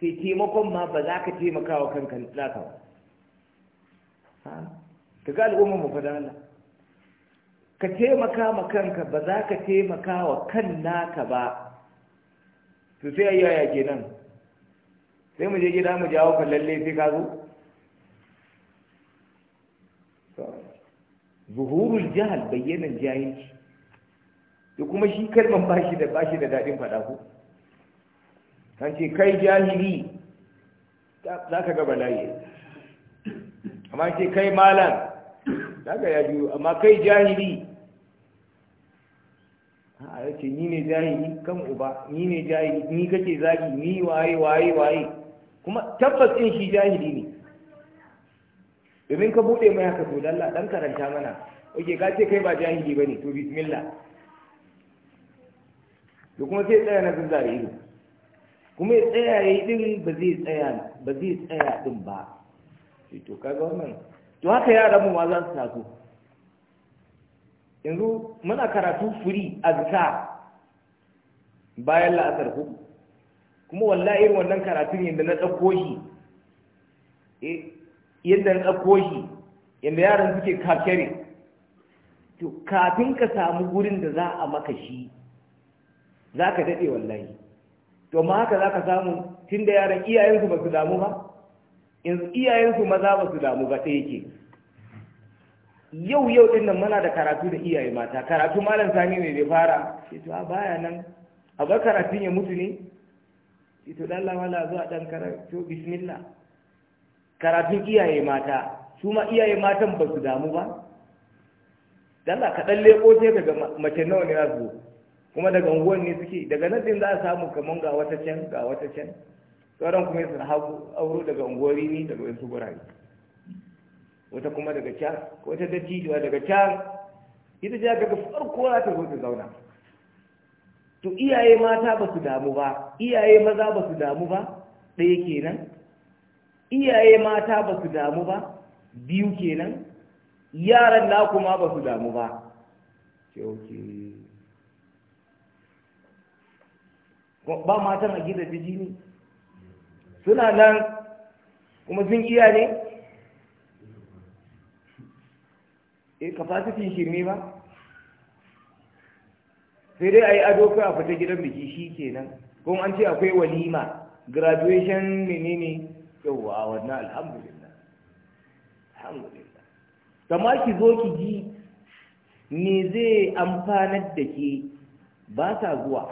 sai taimakon ma ba za ka taimaka wa kanka naka ba ka ga al'ummar mu fa Allah ka taimaka ma kanka ba za ka taimaka wa kan naka ba to sai ayyaya kenan sai mu je gida mu jawo ka lalle sai ka zo zuhurul jahal bayyanan jahilci da kuma shi kalman bashi da bashi da dadin fada ko. kan ce kai jahili za ka ga bala'i amma ce kai malam za ka ya biyu amma kai jahili a yace ni ne jahili kan uba ni ne jahili ni kake zagi ni waye waye waye kuma tabbas ɗin shi jahili ne domin ka buɗe mai haka to dalla ɗan karanta mana oke ka ce kai ba jahili ba ne to bismillah to kuma sai tsaya na zare ido kuma ya tsaya ya yi ba zai tsaya ba zai tsaya din ba to kaga wannan to haka ya mu ma za su taso yanzu muna karatu furi azka bayan la'asar ku kuma wallahi irin wannan karatun yadda na ɗauko shi eh, yadda na ɗauko shi yadda yaran suke kakere to kafin ka samu gurin da za a maka shi za ka daɗe wallahi to ma haka za ka samu tun da yaran iyayensu ba su damu ba yanzu iyayensu maza ba su damu ba ta yake. yau yau ɗin nan mana da karatu da iyaye mata karatu malam sani ne da fara sai to a baya nan a bar karatun ya mutu ne ito dan lamala zuwa dan karatu bismillah karatun iyaye mata su ma iyaye matan ba su damu ba dalla ka dan leko sai daga mace nawa ne za kuma daga unguwan ne suke daga nan din za a samu kaman ga wata can ga wata can sauran kuma su hagu auro daga unguwari ne daga wasu gurare wata kuma daga can wata dattijuwa daga can ita ce ga farko za ta zo ta zauna to iyaye mata ba su damu ba iyaye maza ba su damu ba ɗaya kenan iyaye mata ba su damu ba biyu kenan yaran na kuma ba su damu ba ba matan a gida jiji ne suna nan kuma sun iya ne e capacity shirme ba sai dai a yi ado kai a fita gidan biki shi kenan kuma an ce akwai walima graduation menene yauwa wannan alhamdulillah alhamdulillah Kamar ki zo ki ji me zai amfanar da ke ba sa zuwa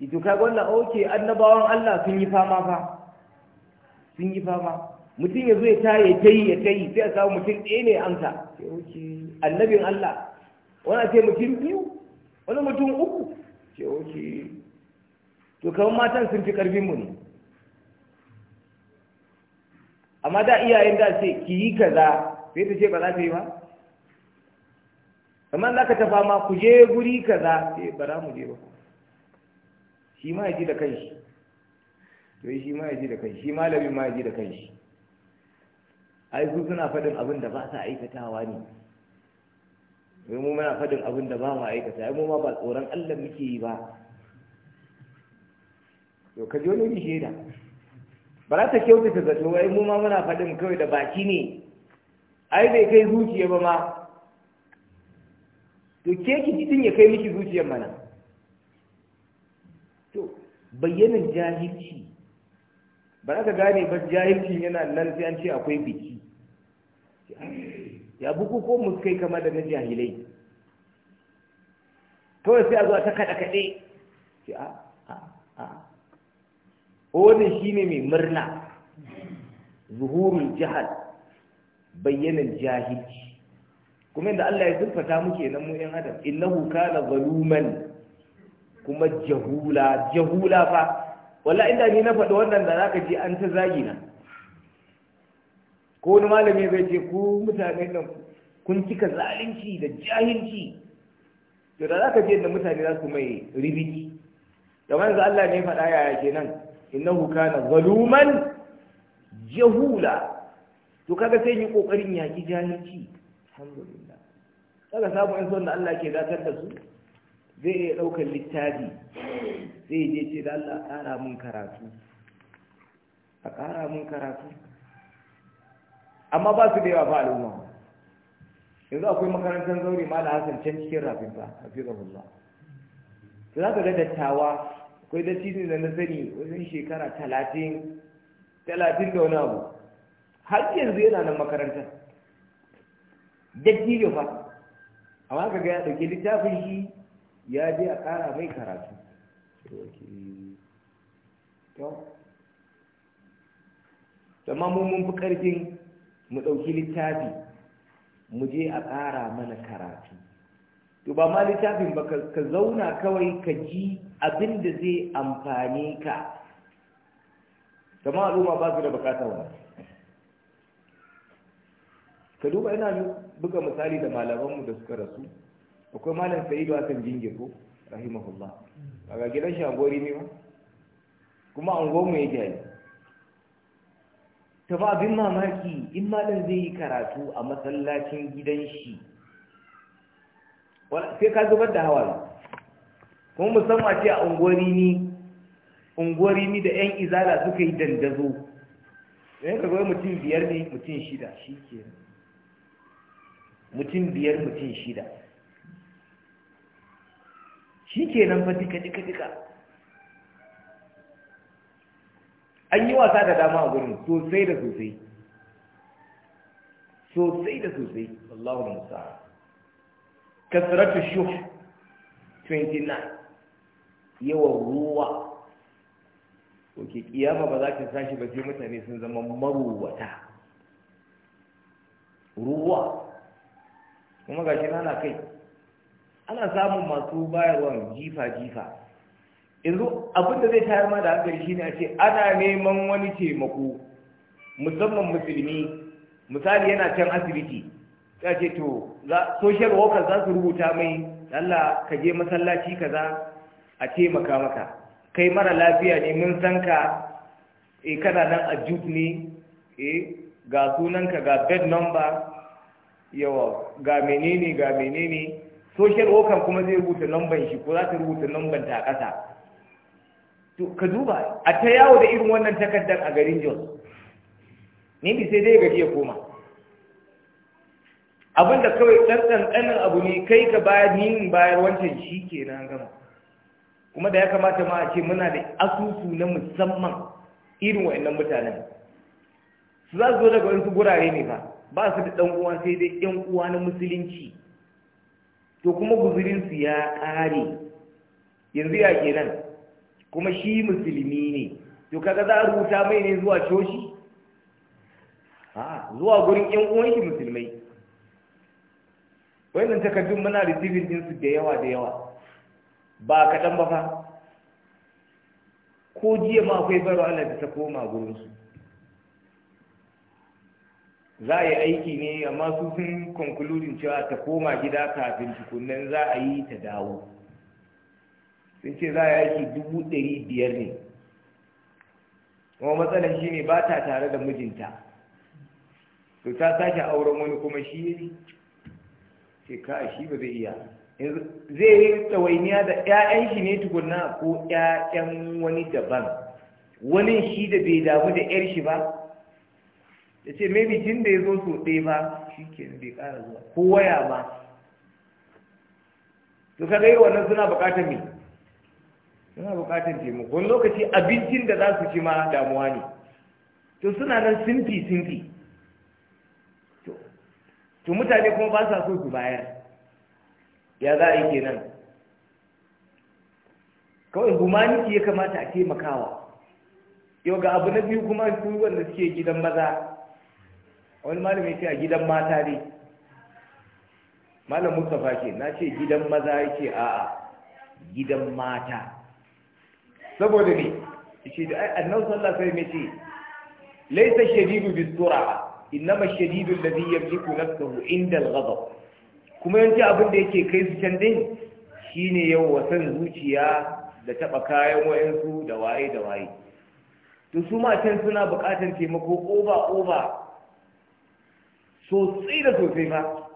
ito ka gwanda oke annabawan Allah sun yi fama fa sun yi fama mutum ya zo ya ta ya kai ya sai a samu mutum ɗaya ne amsa sai oke annabin Allah wani ce mutum biyu wani mutum uku ce oke to kawo matan sun fi ƙarfinmu ne amma da iyayen da ce ki yi kaza sai ta ce ba za ta yi ba kamar za ka tafa ma ku je guri kaza sai ba za mu je ba shi ma ya ji da kanshi to shi ma ya ji da kanshi shi malamin ma ya ji da kanshi ai su suna faɗin abin da ba sa aikatawa ne wai mu muna faɗin abin da ba mu aikata ai mu ma ba tsoron Allah muke yi ba to ka ji wani bishe ba za ta ta zato wai mu ma muna faɗin kawai da baki ne ai bai kai zuciya ba ma to ke ki jitin ya kai miki zuciyar mana to bayyanin jahilci ba za ka gane ba jahilcin yana nan sai an ce akwai biki ya bukukuwan mu suka yi kama da na jahilai kawai sai a zuwa ta kaɗe kaɗe ce a a a shi ne mai murna zuhurul jahal bayyana jahilci kuma inda Allah ya zurfata muke nan mu yan adam innahu kana zaluman kuma jahula jahula fa wallahi inda ni na faɗi wannan da zaka ji an ta zagi na ko wani malami zai ce ku mutane nan kun cika zalunci da jahilci to da zaka je da mutane za su mai ribiki da manzo Allah ne faɗa yaya nan innahu kana zaluman jahula to kaga sai yi kokarin yaki jahilci alhamdulillah kaga samu in son da Allah ke gatar da su zai iya daukar littafi zai je ce da Allah ƙara mun karatu a ƙara mun karatu amma ba su da yawa ba al'umma yanzu akwai makarantar zauri ma da hasan can cikin rafinsa ba su za ka ga dattawa akwai dattijo da na sani wajen shekara talatin talatin da wani abu har yanzu yana nan makarantar dattijo fa amma ka ga ya ɗauki littafin shi ya je a ƙara mai karatu to amma mun mun fi ƙarfin mu ɗauki littafi mu je a ƙara mana karatu to ba ma littafin ba ka zauna kawai ka ji abin da zai amfani ka kama al'umma ba su da bukatar wani ka duba ina buga misali da malamanmu da suka rasu akwai malam sa'idu akan ko rahimahullah ga gidan shagori ne ba. kuma an goma ya jayi ta ba abin mamaki in malin zai yi karatu a masallacin gidan shi sai ka zubar da hawa kuma musamman ce a unguwari ni da 'yan izala suka yi dandazo yayin eh, ka mutum biyar ne mutum shida shi ke mutum biyar mutum shida shi ke nan fa dika dika dika an yi wasa da dama a gurin sosai da sosai sosai da sosai Allahu musa kasratu shuh 29 yawan ruwa oke kiyama ba za ka sashi ba sai mutane sun zama maruwata ruwa kuma gashi na kai ana samun masu bayarwa jifa-jifa yanzu abin da zai tayar ma da hankali shine a ce ana neman wani taimako musamman musulmi misali yana can asibiti a ce to social worker za su rubuta mai Allah ka je masallaci kaza a taimaka maka kai mara lafiya ne mun san ka e kana nan a ne e ga sunanka ga bed number yawa ga menene ga menene social worker kuma zai rubuta lamban shi ko za ta rubuta lamban ta kasa to ka duba a ta yawo da irin wannan takardar a garin jos ne bi sai dai gari ya koma abin kawai ɗan ɗanɗanin abu ne kai ka bayar ni bayar wancan shi ke na gama kuma da ya kamata ma a ce muna da asusu na musamman irin wa'annan mutanen su za su zo daga wasu gurare ne ba ba su da ɗan uwa sai dai ɗan uwa na musulunci to kuma guzurinsu ya ƙare yanzu ya kenan kuma shi musulmi ne to kaga za a rubuta mai ne zuwa coci a zuwa gurin yan uwan shi musulmai wannan takardun muna receiving din su da yawa da yawa ba kaɗan ba fa ko jiya ma akwai baro Allah da ta koma gurinsu za a yi aiki ne amma su sun konkuludin cewa ta koma gida kafin tukunan za a yi ta dawo sai ce za a yi aiki dubu ɗari biyar ne kuma matsalar shi ne ba ta tare da mijinta to ta sake auren wani kuma shi ya ce ka shi ba zai iya zai yi tsawainiya da 'ya'yan shi ne tukunna ko 'ya'yan wani daban wani shi da bai damu da 'yar shi ba ya ce maybe tun da ya zo so ɗaya ba shi ke bai ƙara zuwa ko waya ma to kaga yi wannan suna buƙatar mai suna bukatar taimako wani lokaci abincin da za su ci ma damuwa ne to suna nan simfi simfi to mutane kuma ba sa so su bayar ya za a yi kenan kawai humaniki ya kamata a taimakawa yau ga abu na biyu kuma su wanda suke gidan maza wani malamin ce a gidan mata ne malam mustapha ke na ce gidan maza yake a'a gidan mata saboda ne shi da annabi sallallahu alaihi wasallam ce, laysa shadidu bisura innama shadidu alladhi yamliku nafsuhu inda al kuma yanci abin da yake kai su can din shine yau wasan zuciya da taba kayan wayansu da waye da waye to su matan suna buƙatar taimako oba oba sosai da sosai fa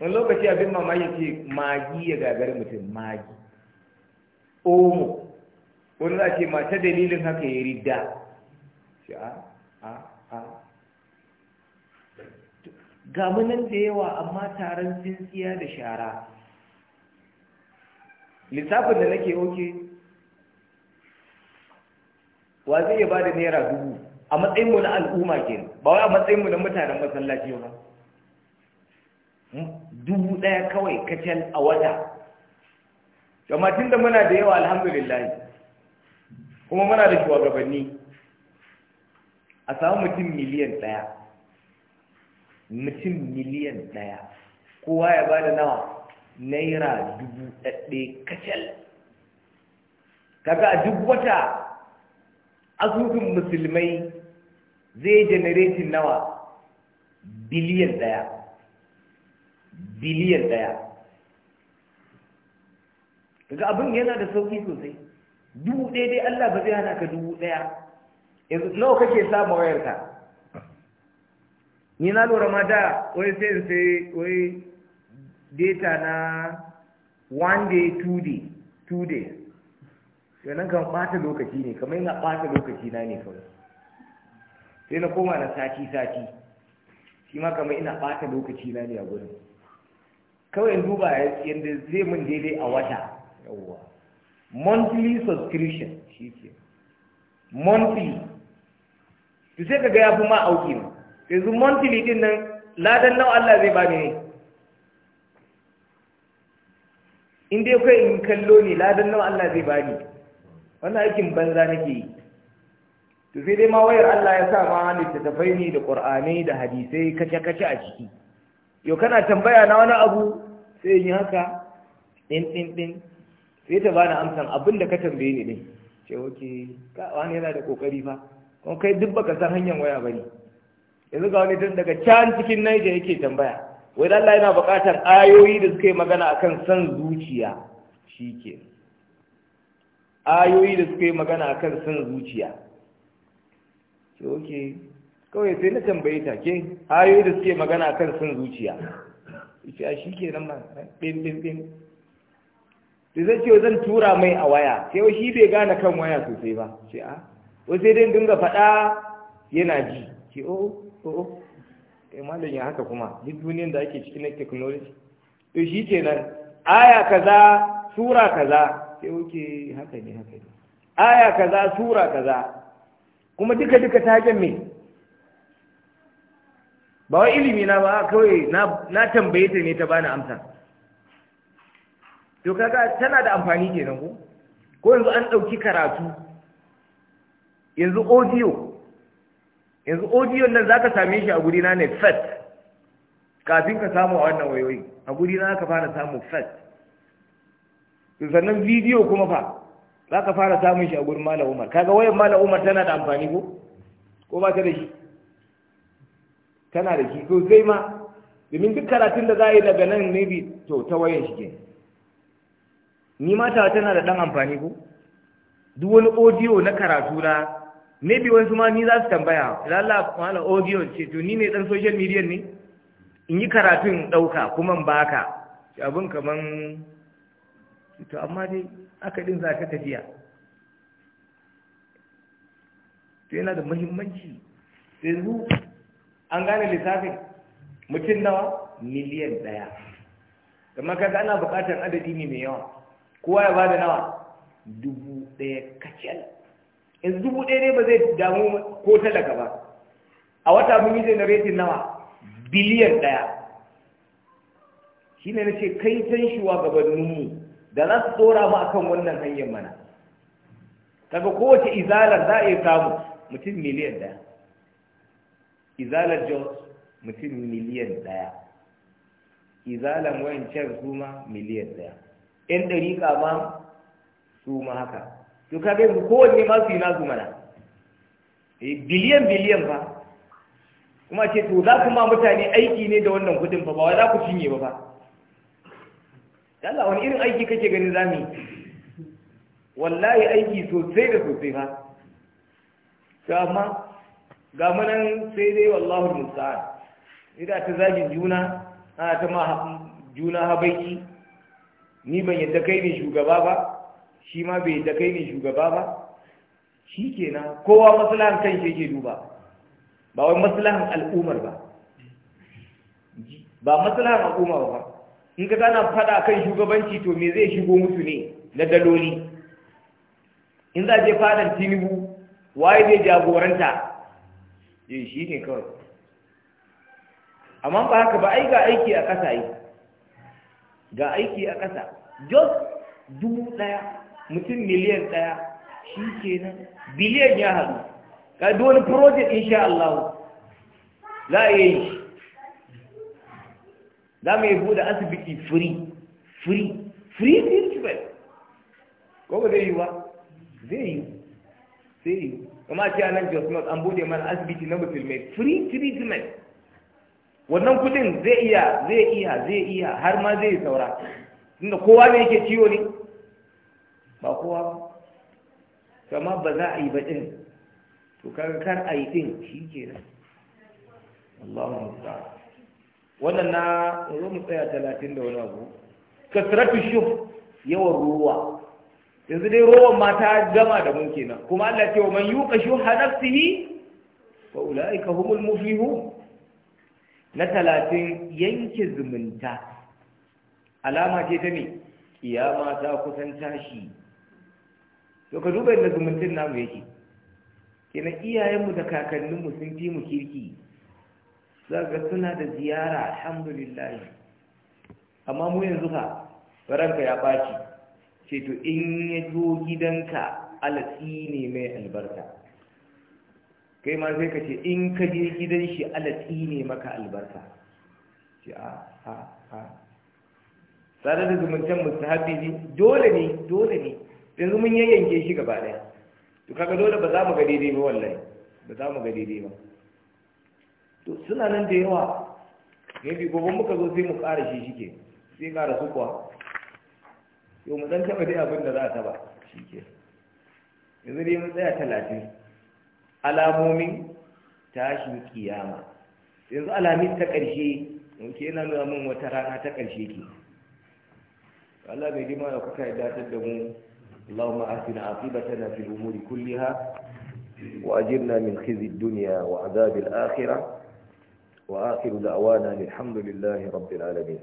wani lokaci abin mamaki ce magi ya gagari mutum magi omo wani za ce mata dalilin haka ya ridda shi a a a gamunan da yawa amma taron tsintsiya da shara lissafin da nake oke wa zai iya ba da naira dubu a matsayinmu na al'umma ke ba wai a matsayinmu na mutanen masallaci ba hmm? dubu ɗaya kawai kacal a wata tun da muna da yawa alhamdulillahi kuma muna da shugabanni a samu mutum miliyan ɗaya mutum miliyan ɗaya kowa ya ba da nawa naira dubu ɗaɗɗe kacal kaga a duk wata asusun musulmai zai janaretin nawa biliyan ɗaya biliyan ɗaya kaga abin yana da sauki sosai dubu ɗaya dai Allah ba zai hana ka dubu ɗaya yanzu nawa kake samun wayarka ni na lura ma da wai sai sai wai data na one day two day two days nan kan ɓata lokaci ne kamar yana ɓata lokaci na ne kawai sai na koma na sati sati shi ma kamar ina ɓata lokaci na ne a gurin kawai in duba yadda zai mun daidai a wata yawwa monthly subscription shi ke monthly to sai kaga ya fi ma auki ne yanzu monthly din nan ladan nawa Allah zai bani ne in dai kai in kallo ne ladan nawa Allah zai bani wannan aikin banza nake yi to sai dai ma wayar Allah ya sa ma tafai ne da qur'anai da hadisai kace-kace a ciki yau kana tambaya na wani abu sai yin haka din din din sai ta bani amsan abin da ka tambaye ni ne ce oke ka wani yana da kokari fa kuma kai duk baka san hanyar waya bane yanzu ga wani tun daga can cikin Niger yake tambaya wai Allah yana buƙatar ayoyi da suka yi magana akan san zuciya shike ayoyi da suka yi magana akan san zuciya ce oke kawai sai na tambaye ta ke ayoyi da suke magana akan san zuciya ita nan ma ɗin ɗin ɗin da zai ce zan tura mai a waya sai shi bai gane kan waya sosai ba ce a ko sai dai dinga faɗa yana ji ce o o kai malam ya haka kuma duk duniyar da ake ciki na technology to shi kenan aya kaza sura kaza sai oke haka ne haka ne aya kaza sura kaza kuma duka duka taken me ba wai ilimi na ba kawai na tambaye ta ne ta bani amsa to kaga tana da amfani kenan ko ko yanzu an ɗauki karatu yanzu audio yanzu audio nan zaka same shi a guri na ne fat kafin ka samu a wannan wayoyi a guri na ka fara samu fat sannan video kuma fa zaka fara samun shi a gurin malam Umar kaga wayar malam Umar tana da amfani ko ko ba ta da shi tana da shi sai ma domin duk karatun da za a yi daga nan ne bi to ta wayan shi kenan ni mata tana da ɗan amfani ko duk wani audio na karatu na maybe wasu ma ni za su tambaya lalla wala audio ce to ni ne dan social media ne in yi karatun ɗauka kuma in baka abin kaman to amma dai aka din za tafiya to yana da muhimmanci yanzu an gane lissafin mutum nawa miliyan ɗaya kamar kaga ana buƙatar adadi ne mai yawa kowa ya bada nawa dubu ɗaya kacal yanzu dubu ɗaya ne ba zai damu ko talaka ba a wata mun yi generating nawa biliyan ɗaya shi ne na ce kai can shugabanninmu da za su tsora mu akan wannan hanyar mana kaga kowace izalar za a iya samu mutum miliyan ɗaya izalar jos mutum miliyan ɗaya izalar wancan su miliyan ɗaya yan ɗariƙa ma su ma haka to kaga yanzu kowanne ma su yi nasu mana eh, biliyan biliyan ba kuma ce to za ku ma mutane aiki ne da wannan kuɗin fa ba wa za ku cinye ba ba Yalla wani irin aiki kake ganin zamu yi wallahi aiki sosai da sosai fa to amma ga munan sai dai wallahu musta'an idan ta zagin juna ana ta ma juna habaiki ni ban yadda kai ne shugaba ba shi ma bai yadda kai ne shugaba ba shi kenan kowa maslahan kan shi yake duba ba wai maslahan al'ummar ba ba maslahan al'umma ba in ka gana fada kan shugabanci to me zai shigo musu ne na daloli in za je fadar tinubu waye zai jagoranta yin eh, shi ne kawai amma ba haka ba ai ga aiki a ƙasa yi ga aiki a ƙasa jos dubu ɗaya mutum miliyan ɗaya shi nan biliyan ya haɗu ka dole in insha Allah za a yi za mu yi buɗe asibiti free free free principal ko ba zai yi ba zai yi zai yi kuma ce a nan jos not an buɗe mana asibiti na musulmai free treatment wannan kudin zai iya zai iya zai iya har ma zai saura tunda kowa ne yake ciwo ne ba kowa ba kama ba za a yi ba ɗin to kaga kar a yi ɗin shi ke nan Allahu musta wannan na zo mu tsaya talatin da wani abu kasratu shuf yawan ruwa yanzu dai ruwan ma ta gama da mun kenan kuma Allah ya ce wa man yuqashu hadafsihi nafsihi fa ulaika humul muflihun na talatin yanke zumunta alama ce ta me kiyama ta kusan tashi to ka duba yadda zumuntun namu yake kenan iyayenmu da kakanninmu sun fi mu kirki ga suna da ziyara alhamdulillah amma mu yanzu ka, ranka ya ɓaci ce to in ya zo gidanka alatsi ne mai albarka kai ma sai ka ce in ka je gidan shi alatsi ne maka albarka ce a a a tsada da zumuntan mustahabi ne dole ne dole ne yanzu mun yayyanke shi gaba ɗaya to kaga dole ba za mu ga daidai ba wallahi ba za mu ga daidai ba to suna nan da yawa bi gobe muka zo sai mu ƙara shi shike sai ƙara su kuwa yau mu ɗan taɓa dai abin da za a taɓa shike yanzu dai mun tsaya talatin alamomin tashin kiyama yanzu alamin ta ƙarshe wanke yana nuna mun wata rana ta ƙarshe ke Allah bai dima da kuka yi datar da mu Allahumma asina aqibatana fi umuri kulliha wa ajirna min khizi dunya wa azabil akhirah wa akhiru da'wana alhamdulillahi rabbil alamin